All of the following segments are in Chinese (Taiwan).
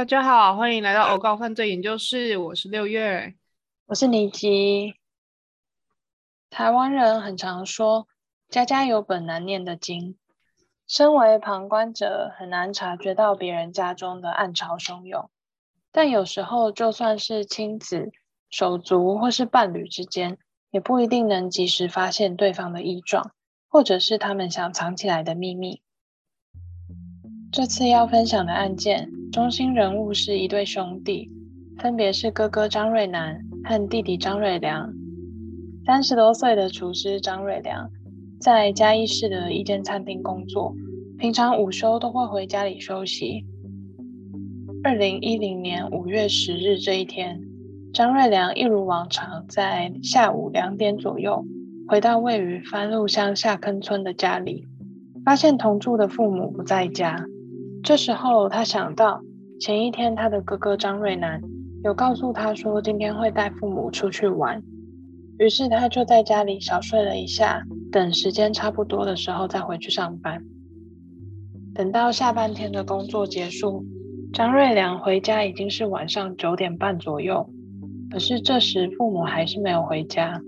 大家好，歡迎來到歐高犯罪研究室。我是六月，我是尼吉。台灣人很常說“家家有本難念的經”，身為旁觀者很難察覺到別人家中的暗潮洶湧。但有時候，就算是親子、手足或是伴侶之間，也不一定能及時發現對方的異狀，或者是他們想藏起來的秘密。這次要分享的案件中心人物是一對兄弟，分別是哥哥張瑞南和弟弟張瑞良。三十多歲的廚師張瑞良在嘉義市的一間餐廳工作，平常午休都會回家裡休息。二零一零年五月十日這一天，張瑞良一如往常，在下午兩點左右回到位於番路鄉下坑村的家裡，發現同住的父母不在家。這時候，他想到前一天他的哥哥張瑞南有告訴他說今天會帶父母出去玩，於是他就在家裡小睡了一下，等時間差不多的時候再回去上班。等到下半天的工作結束，張瑞良回家已經是晚上九點半左右，可是這時父母還是沒有回家。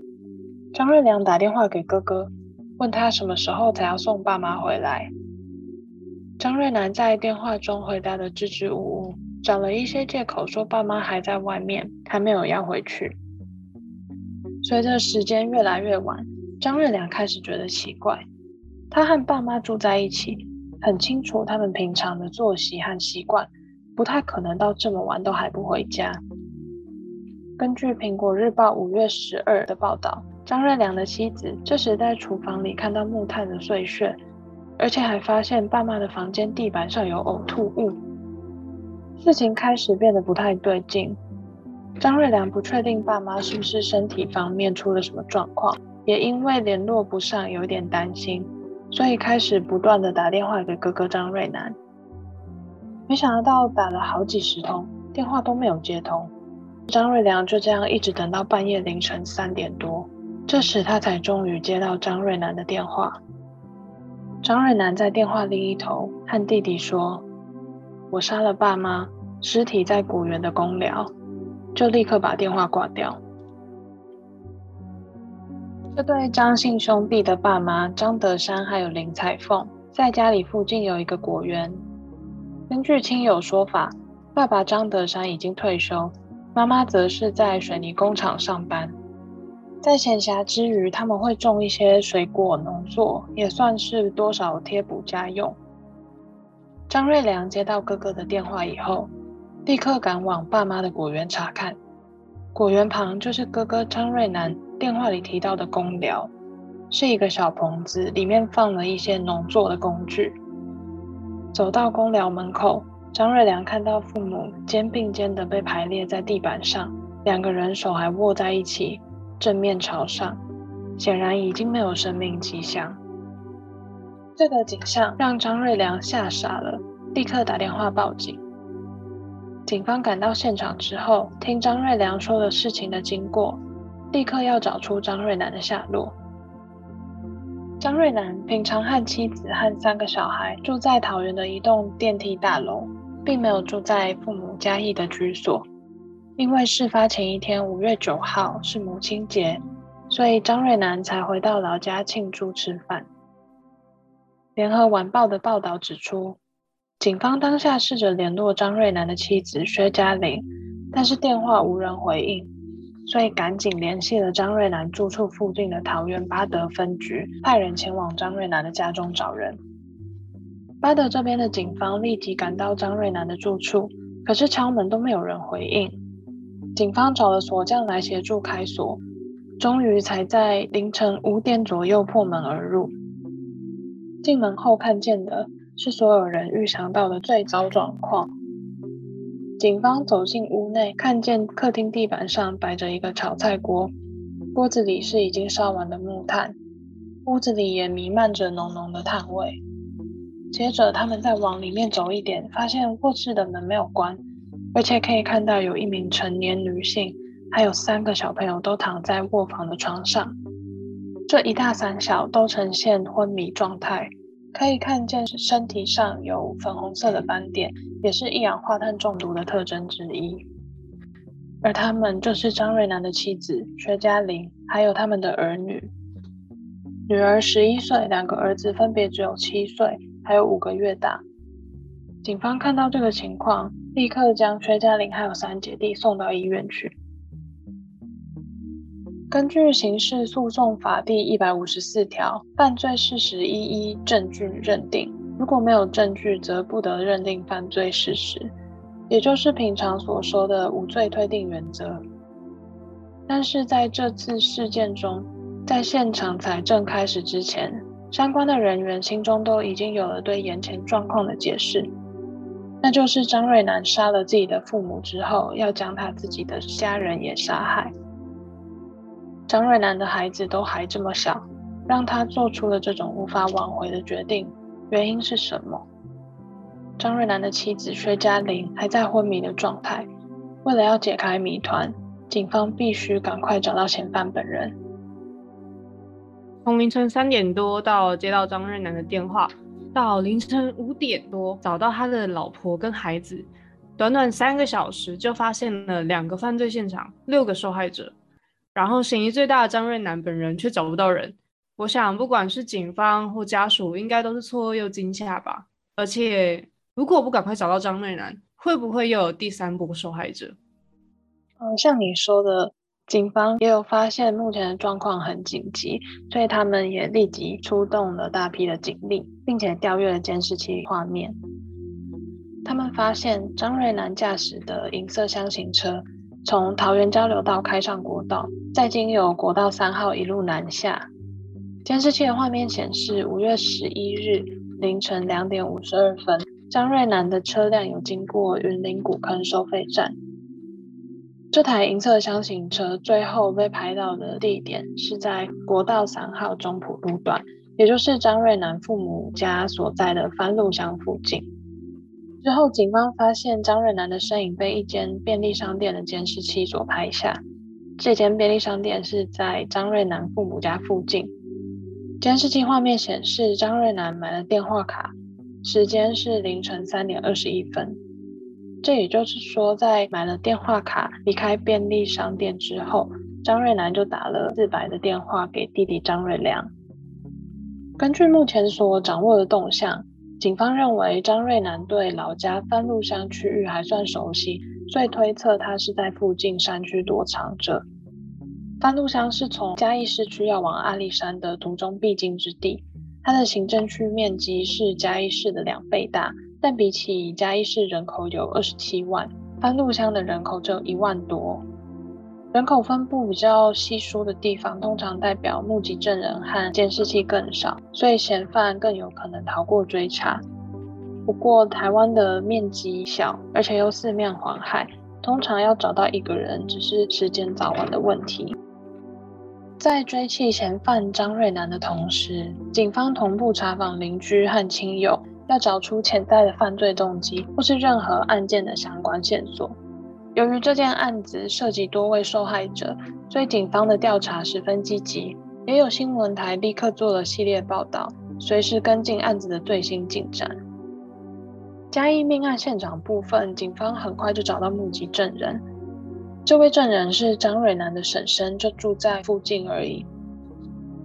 張瑞良打電話給哥哥，問他什麼時候才要送爸媽回來。張瑞南在電話中回答得支支吾吾，找了一些借口說爸媽還在外面，還沒有要回去。隨着時間越來越晚，張瑞良開始覺得奇怪。他和爸媽住在一起，很清楚他們平常的作息和習慣，不太可能到這麼晚都還不回家。根據《蘋果日報》五月十二的報道，張瑞良的妻子這時在廚房裡看到木炭的碎屑。而且還發現爸媽的房間地板上有嘔吐物，事情開始變得不太對勁。張瑞良不確定爸媽是不是身體方面出了什麼狀況，也因為聯絡不上，有點擔心，所以開始不斷地打電話給哥哥張瑞南。沒想到打了好幾十通電話都沒有接通，張瑞良就這樣一直等到半夜凌晨三點多，這時他才終於接到張瑞南的電話。張瑞南在電話另一頭和弟弟說：“我殺了爸媽，屍體在果園的工寮。”就立刻把電話掛掉。這對張姓兄弟的爸媽張德山還有林彩鳳，在家裡附近有一個果園。根據親友說法，爸爸張德山已經退休，媽媽則是在水泥工廠上班。在閒暇之餘，他們會種一些水果農作，也算是多少貼補家用。張瑞良接到哥哥的電話以後，立刻趕往爸媽的果園查看。果園旁就是哥哥張瑞南電話裡提到的工寮，是一個小棚子，裡面放了一些農作的工具。走到工寮門口，張瑞良看到父母肩並肩的被排列在地板上，兩個人手還握在一起。正面朝上，顯然已經沒有生命跡象。這個景象讓張瑞良嚇傻了，立刻打電話報警。警方趕到現場之後，聽張瑞良說的事情的經過，立刻要找出張瑞楠的下落。張瑞楠平常和妻子和三個小孩住在桃園的一棟電梯大樓，並沒有住在父母嘉義的居所。因為事發前一天，五月九號是母親節，所以張瑞南才回到老家慶祝吃飯。聯合晚報的報道指出，警方當下試着聯絡張瑞南的妻子薛嘉玲，但是電話無人回應，所以趕緊聯繫了張瑞南住處附近的桃園八德分局，派人前往張瑞南的家中找人。八德這邊的警方立即趕到張瑞南的住處，可是敲門都沒有人回應。警方找了鎖匠來協助開鎖，終於才在凌晨五點左右破門而入。進門後看見的是所有人預想到的最糟狀況。警方走進屋內，看見客廳地板上擺着一個炒菜鍋，鍋子裡是已經燒完的木炭，屋子裡也瀰漫着濃濃的炭味。接着，他們再往裡面走一點，發現臥室的門沒有關。而且可以看到有一名成年女性，還有三個小朋友都躺在臥房的床上，這一大三小都呈現昏迷狀態，可以看見身體上有粉紅色的斑點，也是一氧化碳中毒的特徵之一。而他們就是張瑞南的妻子薛嘉玲，還有他們的兒女，女兒十一歲，兩個兒子分別只有七歲，還有五個月大。警方看到這個情況，立刻將崔佳玲還有三姐弟送到醫院去。根據《刑事訴訟法》第一百五十四條，犯罪事實一一證據認定，如果沒有證據，則不得認定犯罪事實，也就是平常所說的無罪推定原則。但是在這次事件中，在現場採證開始之前，相關的人員心中都已經有了對眼前狀況的解釋。那就是張瑞南殺了自己的父母之後，要將他自己的家人也殺害。張瑞南的孩子都還這麼小，讓他做出了這種無法挽回的決定，原因是什麼？張瑞南的妻子薛嘉玲還在昏迷的狀態，為了要解開謎團，警方必須趕快找到嫌犯本人。從凌晨三點多到接到張瑞南的電話。到凌晨五點多找到他的老婆跟孩子，短短三個小時就發現了兩個犯罪現場，六個受害者，然後嫌疑最大的張瑞南本人卻找不到人。我想，不管是警方或家屬，應該都是錯愕又驚嚇吧。而且，如果我不趕快找到張瑞南，會不會又有第三波受害者？嗯，像你說的。警方也有發現，目前的狀況很緊急，所以他們也立即出動了大批的警力，並且調閱了監視器畫面。他們發現張瑞南駕駛的銀色廂型車從桃園交流道開上國道，再經由國道三號一路南下。監視器的畫面顯示，五月十一日凌晨兩點五十二分，張瑞南的車輛有經過雲林古坑收費站。這台銀色的廂型車最後被拍到的地點是在國道三號中埔路段，也就是張瑞南父母家所在的番路鄉附近。之後，警方發現張瑞南的身影被一間便利商店的監視器所拍下。這間便利商店是在張瑞南父母家附近。監視器畫面顯示，張瑞南買了電話卡，時間是凌晨三點二十一分。這也就是說，在買了電話卡離開便利商店之後，張瑞南就打了自白的電話給弟弟張瑞良。根據目前所掌握的動向，警方認為張瑞南對老家番路鄉區域還算熟悉，所以推測他是在附近山區躲藏著。番路鄉是從嘉義市區要往阿里山的途中必經之地，它的行政區面積是嘉義市的兩倍大。但比起嘉義市人口有二十七萬，番路鄉的人口只有一萬多。人口分布比較稀疏的地方，通常代表目擊證人和監視器更少，所以嫌犯更有可能逃過追查。不過，台灣的面積小，而且又四面環海，通常要找到一個人，只是時間早晚的問題。在追緝嫌犯張瑞南的同時，警方同步查訪鄰居和親友。要找出潛在的犯罪動機或是任何案件的相關線索。由於這件案子涉及多位受害者，所以警方的調查十分積極，也有新聞台立刻做了系列報道，隨時跟進案子的最新進展。嘉義命案現場部分，警方很快就找到目擊證人，這位證人是張蕊南的嬸嬸，就住在附近而已。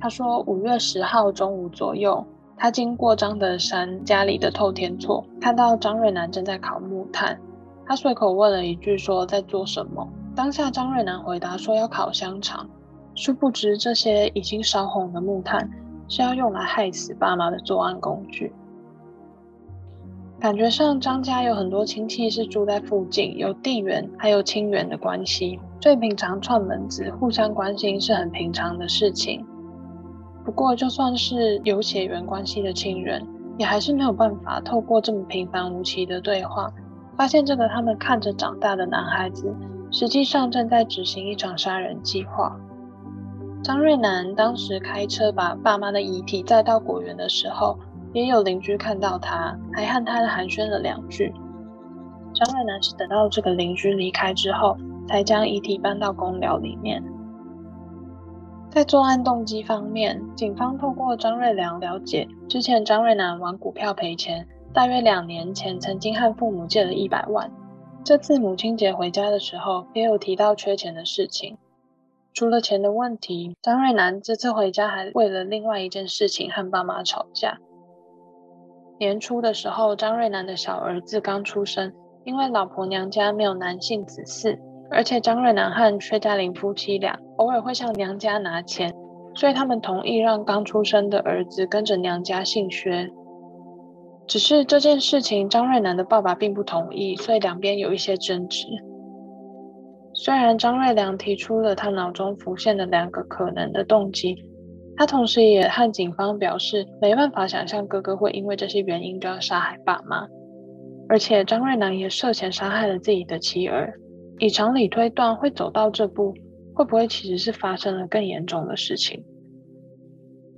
她說，五月十號中午左右，他經過張德山家裡的透天厝，看到張瑞南正在烤木炭。他隨口問了一句：“說在做什麼？”當下張瑞南回答說：“要烤香腸。”殊不知，這些已經燒紅的木炭是要用來害死爸媽的作案工具。感覺上，張家有很多親戚是住在附近，有地緣，還有親緣的關係，所以平常串門子、互相關心是很平常的事情。不過，就算是有血緣關係的親人，也還是沒有辦法透過這麼平凡無奇的對話，發現這個他們看着長大的男孩子，實際上正在執行一場殺人計劃。張瑞南當時開車把爸媽的遺體載到果園的時候，也有鄰居看到他，還和他寒暄了兩句。張瑞南是等到這個鄰居離開之後，才將遺體搬到工寮裡面。在作案動機方面，警方透過張瑞良了解，之前張瑞南玩股票賠錢，大約兩年前曾經和父母借了一百萬，這次母親節回家的時候也有提到缺錢的事情。除了錢的問題，張瑞南這次回家還為了另外一件事情和爸媽吵架。年初的時候，張瑞南的小兒子剛出生，因為老婆娘家沒有男性子嗣。而且張瑞南和薛嘉玲夫妻倆偶爾會向娘家拿錢，所以他們同意讓剛出生的兒子跟着娘家姓薛。只是這件事情，張瑞南的爸爸並不同意，所以兩邊有一些爭執。雖然張瑞良提出了他腦中浮現的兩個可能的動機，他同時也和警方表示，沒辦法想象哥哥會因為這些原因就要殺害爸媽。而且張瑞南也涉嫌殺害了自己的妻兒。以常理推斷，會走到這步，會不會其實是發生了更嚴重的事情？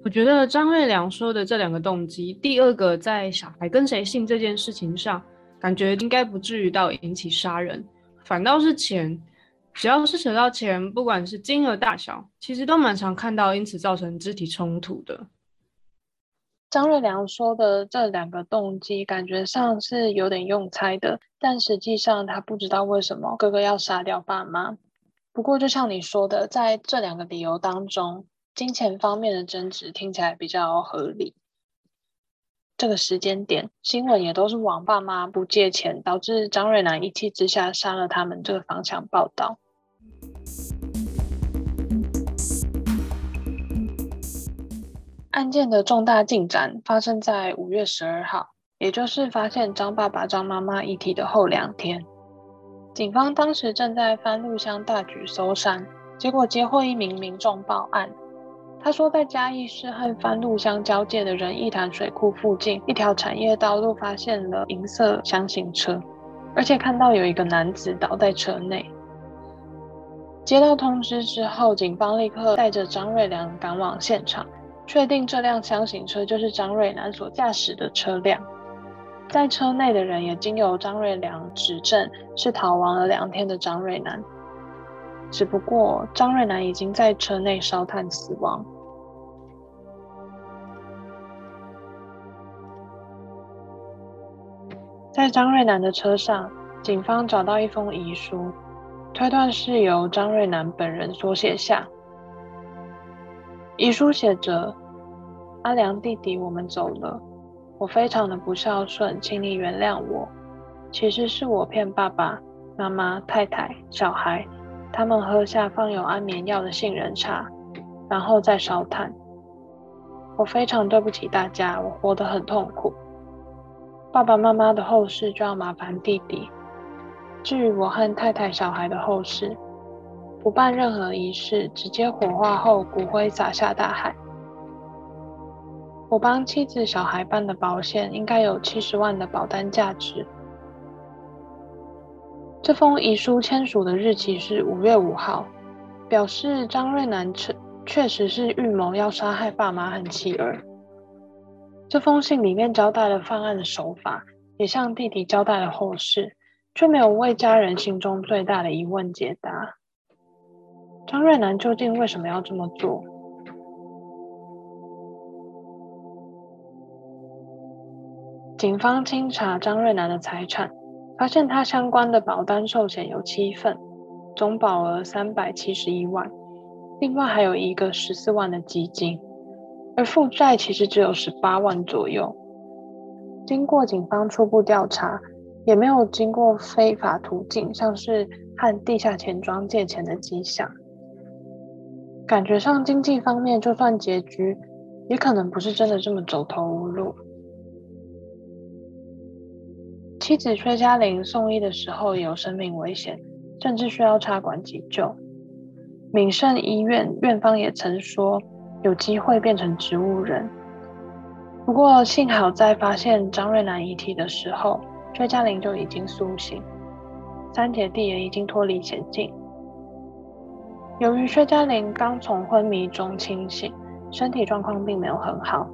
我覺得張瑞良說的這兩個動機，第二個在小孩跟誰姓這件事情上，感覺應該不至於到引起殺人，反倒是錢，只要是扯到錢，不管是金額大小，其實都蠻常看到因此造成肢體衝突的。張瑞良說的這兩個動機，感覺上是有點用猜的，但實際上他不知道為什麼哥哥要殺掉爸媽。不過，就像你說的，在這兩個理由當中，金錢方面的爭執聽起來比較合理。這個時間點，新聞也都是往爸媽不借錢，導致張瑞南一氣之下殺了他們這個方向報道。案件的重大進展發生在五月十二號，也就是發現張爸爸、張媽媽遺體的後兩天。警方當時正在番路鄉大舉搜山，結果接獲一名民眾報案。他說，在嘉義市和番路鄉交界的仁義潭水庫附近，一條產業道路發現了銀色箱型車，而且看到有一個男子倒在車內。接到通知之後，警方立刻帶着張瑞良趕往現場。確定這輛廂型車就是張瑞南所駕駛的車輛，在車內的人也經由張瑞良指證是逃亡了兩天的張瑞南，只不過張瑞南已經在車內燒炭死亡。在張瑞南的車上，警方找到一封遺書，推斷是由張瑞南本人所寫下。遺書寫着。阿良弟弟，我們走了。我非常的不孝順，請你原諒我。其實是我騙爸爸媽媽、太太、小孩，他們喝下放有安眠藥的杏仁茶，然後再燒炭。我非常對不起大家，我活得很痛苦。爸爸媽媽的後事就要麻煩弟弟。至於我和太太、小孩的後事，不辦任何儀式，直接火化後骨灰撒下大海。我幫妻子、小孩辦的保險應該有七十萬的保單價值。這封遺書簽署的日期是五月五號，表示張瑞南確確實是預謀要殺害爸媽和妻兒。這封信裡面交代了犯案的手法，也向弟弟交代了後事，卻沒有為家人心中最大的疑問解答：張瑞南究竟為什麼要這麼做？警方清查張瑞南的財產，發現他相關的保單壽險有七份，總保額三百七十一萬，另外還有一個十四萬的基金，而負債其實只有十八萬左右。經過警方初步調查，也沒有經過非法途徑，像是和地下錢莊借錢的跡象，感覺上經濟方面就算拮據，也可能不是真的這麼走投無路。妻子薛家玲送醫的時候也有生命危險，甚至需要插管急救。敏盛醫院院方也曾說有機會變成植物人。不過幸好在發現張瑞南遺體的時候，薛家玲就已經甦醒，三姐弟也已經脫離險境。由於薛家玲剛從昏迷中清醒，身體狀況並沒有很好。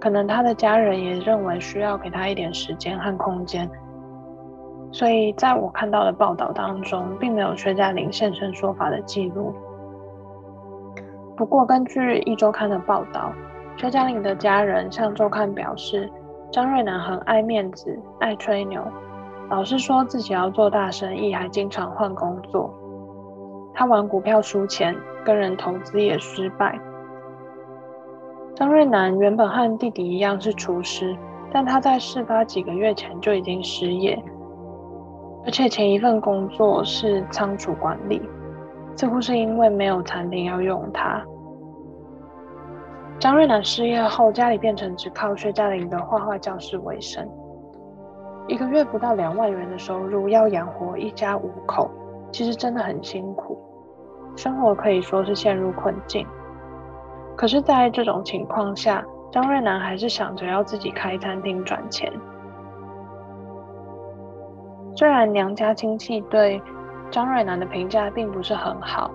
可能他的家人也認為需要給他一點時間和空間，所以在我看到的報道當中，並沒有薛佳玲現身說法的記錄。不過，根據《壹週刊》的報道，薛佳玲的家人向週刊表示，張瑞南很愛面子、愛吹牛，老是說自己要做大生意，還經常換工作。他玩股票輸錢，跟人投資也失敗。張瑞南原本和弟弟一樣是廚師，但他在事發幾個月前就已經失業，而且前一份工作是倉儲管理，似乎是因為沒有餐廳要用他。張瑞南失業後，家裡變成只靠薛家林的畫畫教室為生，一個月不到兩萬元的收入要養活一家五口，其實真的很辛苦，生活可以說是陷入困境。可是，在這種情況下，張瑞南還是想着要自己開餐廳賺錢。雖然娘家親戚對張瑞南的評價並不是很好，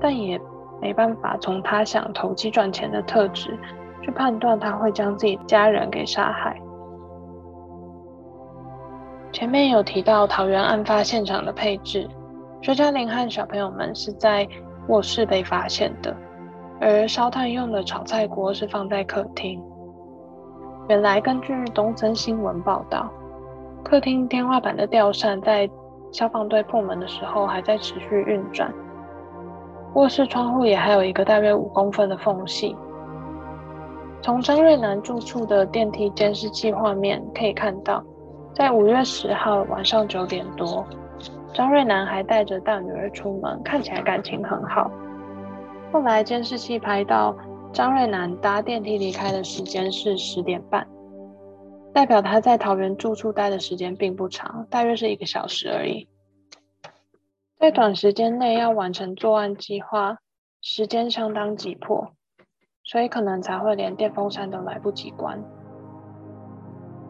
但也沒辦法從他想投機賺錢的特質去判斷他會將自己家人給殺害。前面有提到桃園案發現場的配置，薛嘉林和小朋友們是在臥室被發現的。而燒炭用的炒菜鍋是放在客廳。原來，根據東森新聞報道，客廳天花板的吊扇在消防隊破門的時候還在持續運轉。臥室窗戶也還有一個大約五公分的縫隙。從張瑞南住處的電梯監視器畫面可以看到，在五月十號晚上九點多，張瑞南還帶着大女兒出門，看起來感情很好。後來監視器拍到張瑞南搭電梯離開的時間是十點半，代表他在桃園住處待的時間並不長，大約是一個小時而已。在短時間內要完成作案計劃，時間相當急迫，所以可能才會連電風扇都來不及關。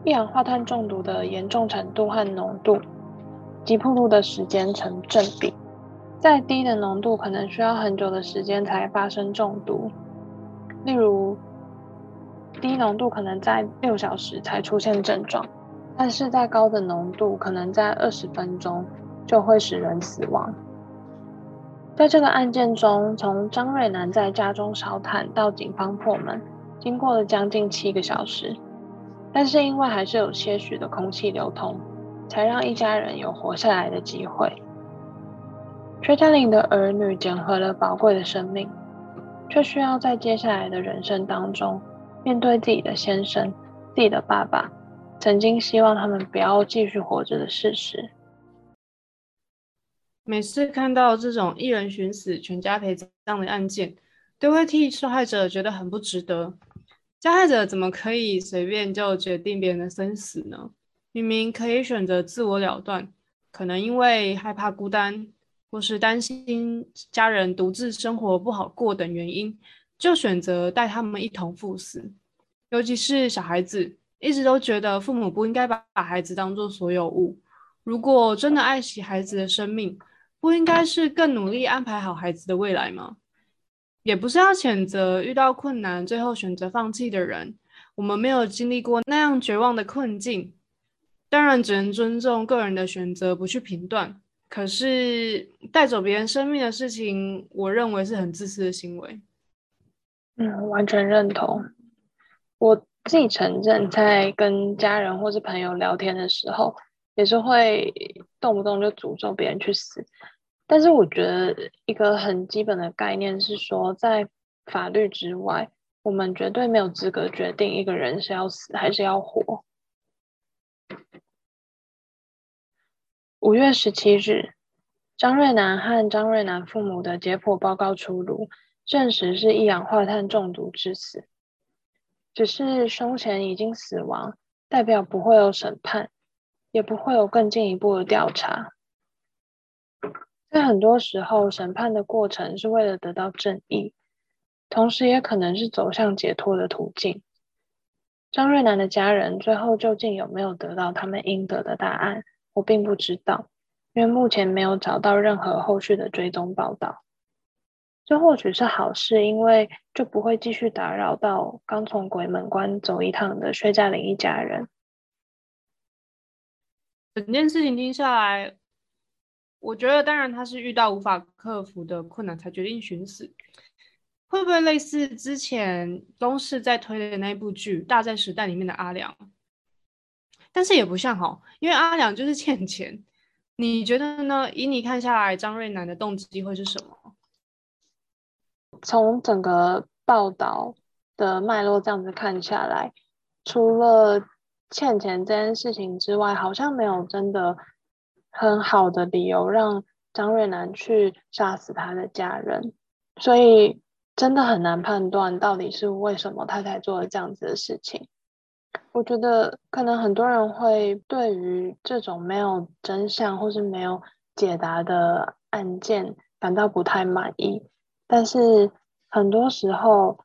一氧化碳中毒的嚴重程度和濃度及暴露的時間成正比。再低的濃度可能需要很久的時間才發生中毒，例如低濃度可能在六小時才出現症狀，但是再高的濃度可能在二十分鐘就會使人死亡。在這個案件中，從張瑞南在家中燒炭到警方破門，經過了將近七個小時，但是因為還是有些許的空氣流通，才讓一家人有活下來的機會。全家人的兒女撿回了寶貴的生命，卻需要在接下來的人生當中，面對自己的先生、自己的爸爸，曾經希望他們不要繼續活着的事實。每次看到這種一人尋死、全家陪葬的案件，都會替受害者覺得很不值得。加害者怎麼可以隨便就決定別人的生死呢？明明可以選擇自我了斷，可能因為害怕孤單。或是擔心家人獨自生活不好過等原因，就選擇帶他們一同赴死。尤其是小孩子，一直都覺得父母不應該把孩子當做所有物。如果真的愛惜孩子的生命，不應該是更努力安排好孩子的未來嗎？也不是要譴責遇到困難，最後選擇放棄的人。我們沒有經歷過那樣絕望的困境，當然只能尊重個人的選擇，不去評斷。可是帶走別人生命的事情，我認為是很自私的行為。嗯，完全認同。我自己承認，在跟家人或是朋友聊天的時候，也是會動不動就詛咒別人去死。但是，我覺得一個很基本的概念是說，在法律之外，我們絕對沒有資格決定一個人是要死還是要活。五月十七日，張瑞南和張瑞南父母的解剖報告出爐，證實是一氧化碳中毒致死。只是兇嫌已經死亡，代表不會有審判，也不會有更進一步的調查。在很多時候，審判的過程是為了得到正義，同時也可能是走向解脫的途徑。張瑞南的家人最後究竟有沒有得到他們應得的答案？我並不知道，因為目前沒有找到任何後續的追蹤報道。這或許是好事，因為就不會繼續打擾到剛從鬼門關走一趟的薛家麟一家人。整件事情聽下來，我覺得當然他是遇到無法克服的困難才決定尋死。會不會類似之前東視在推的那部劇《大戰時代》裡面的阿良？但是也不像哈、哦，因為阿良就是欠錢，你覺得呢？以你看下來，張瑞南的動機會是什麼？從整個報道的脈絡這樣子看下來，除了欠錢這件事情之外，好像沒有真的很好的理由讓張瑞南去殺死他的家人，所以真的很難判斷到底是為什麼他才做了這樣子的事情。我覺得可能很多人會對於這種沒有真相或是沒有解答的案件感到不太滿意，但是很多時候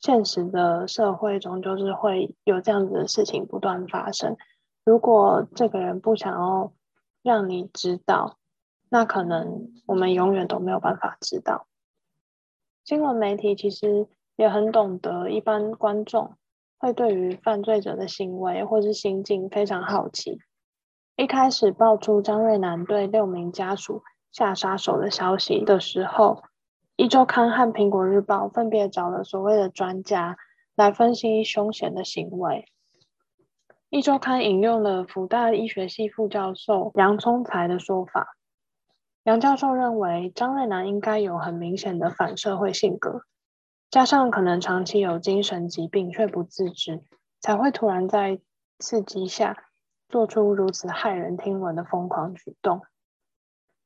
現實的社會中就是會有這樣子的事情不斷發生。如果這個人不想要讓你知道，那可能我們永遠都沒有辦法知道。新聞媒體其實也很懂得一般觀眾。會對於犯罪者的行為或是心境非常好奇。一開始爆出張瑞南對六名家屬下殺手的消息的時候，壹週刊和蘋果日報分別找了所謂的專家來分析兇嫌的行為。壹週刊引用了輔大醫學系副教授楊聰才的說法，楊教授認為張瑞南應該有很明顯的反社會性格。加上可能長期有精神疾病卻不自知，才會突然在刺激下做出如此駭人聽聞的瘋狂舉動。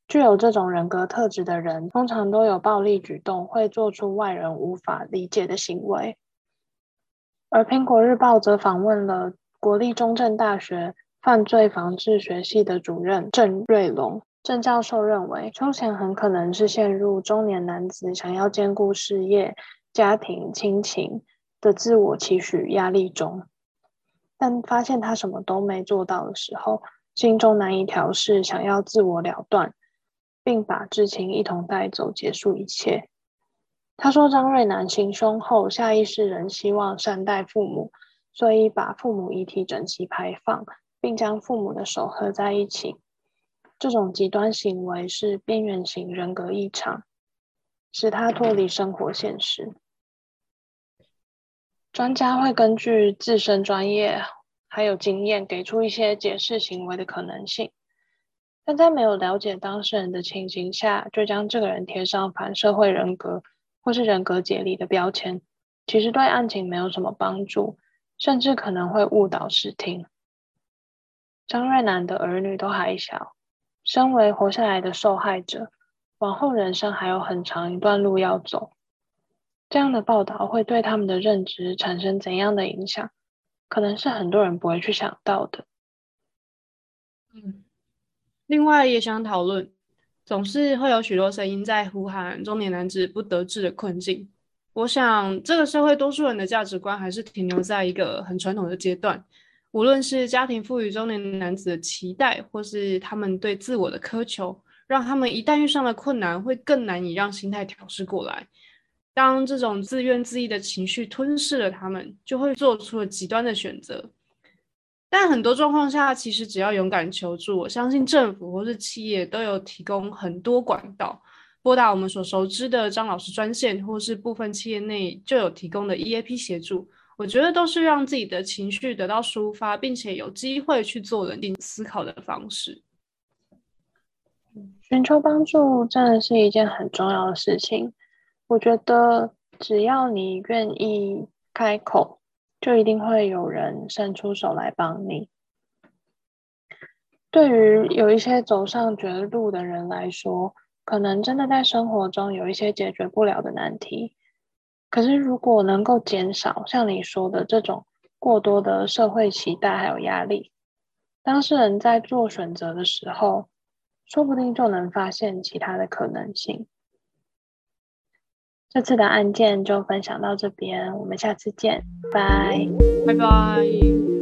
具有這種人格特質的人，通常都有暴力舉動，會做出外人無法理解的行為。而《蘋果日報》則訪問了國立中正大學犯罪防治學系的主任鄭瑞龍。鄭教授認為，邱賢很可能是陷入中年男子想要兼顧事業，家庭、親情的自我期許壓力中，但發現他什麼都沒做到的時候，心中難以調適，想要自我了斷，並把至親一同帶走，結束一切。他說：“張瑞南行兇後，下意識仍希望善待父母，所以把父母遺體整齊排放，並將父母的手合在一起。這種極端行為是邊緣型人格異常，使他脫離生活現實。”專家會根據自身專業還有經驗，給出一些解釋行為的可能性。但在沒有了解當事人的情形下，就將這個人貼上反社會人格或是人格解離的標籤，其實對案情沒有什麼幫助，甚至可能會誤導視聽。張瑞南的兒女都還小，身為活下來的受害者，往後人生還有很長一段路要走。這樣的報道會對他們的認知產生怎樣的影響，可能是很多人不會去想到的。嗯，另外也想討論，總是會有許多聲音在呼喊中年男子不得志的困境。我想，這個社會多數人的價值觀還是停留在一個很傳統的階段。無論是家庭賦予中年男子的期待，或是他們對自我的苛求，讓他們一旦遇上了困難，會更難以讓心態調適過來。當這種自怨自艾的情緒吞噬了他們，就會做出了極端的選擇。但很多狀況下，其實只要勇敢求助，我相信政府或是企業都有提供很多管道，撥打我們所熟知的張老師專線，或是部分企業內就有提供的 EAP 協助。我覺得都是讓自己的情緒得到抒發，並且有機會去做穩定思考的方式。尋求幫助真的是一件很重要的事情。我覺得只要你願意開口，就一定會有人伸出手來幫你。對於有一些走上絕路的人來說，可能真的在生活中有一些解決不了的難題。可是，如果能夠減少像你說的這種過多的社會期待還有壓力，當事人在做選擇的時候，說不定就能發現其他的可能性。這次的案件就分享到這邊，我們下次見，拜拜拜拜。Bye bye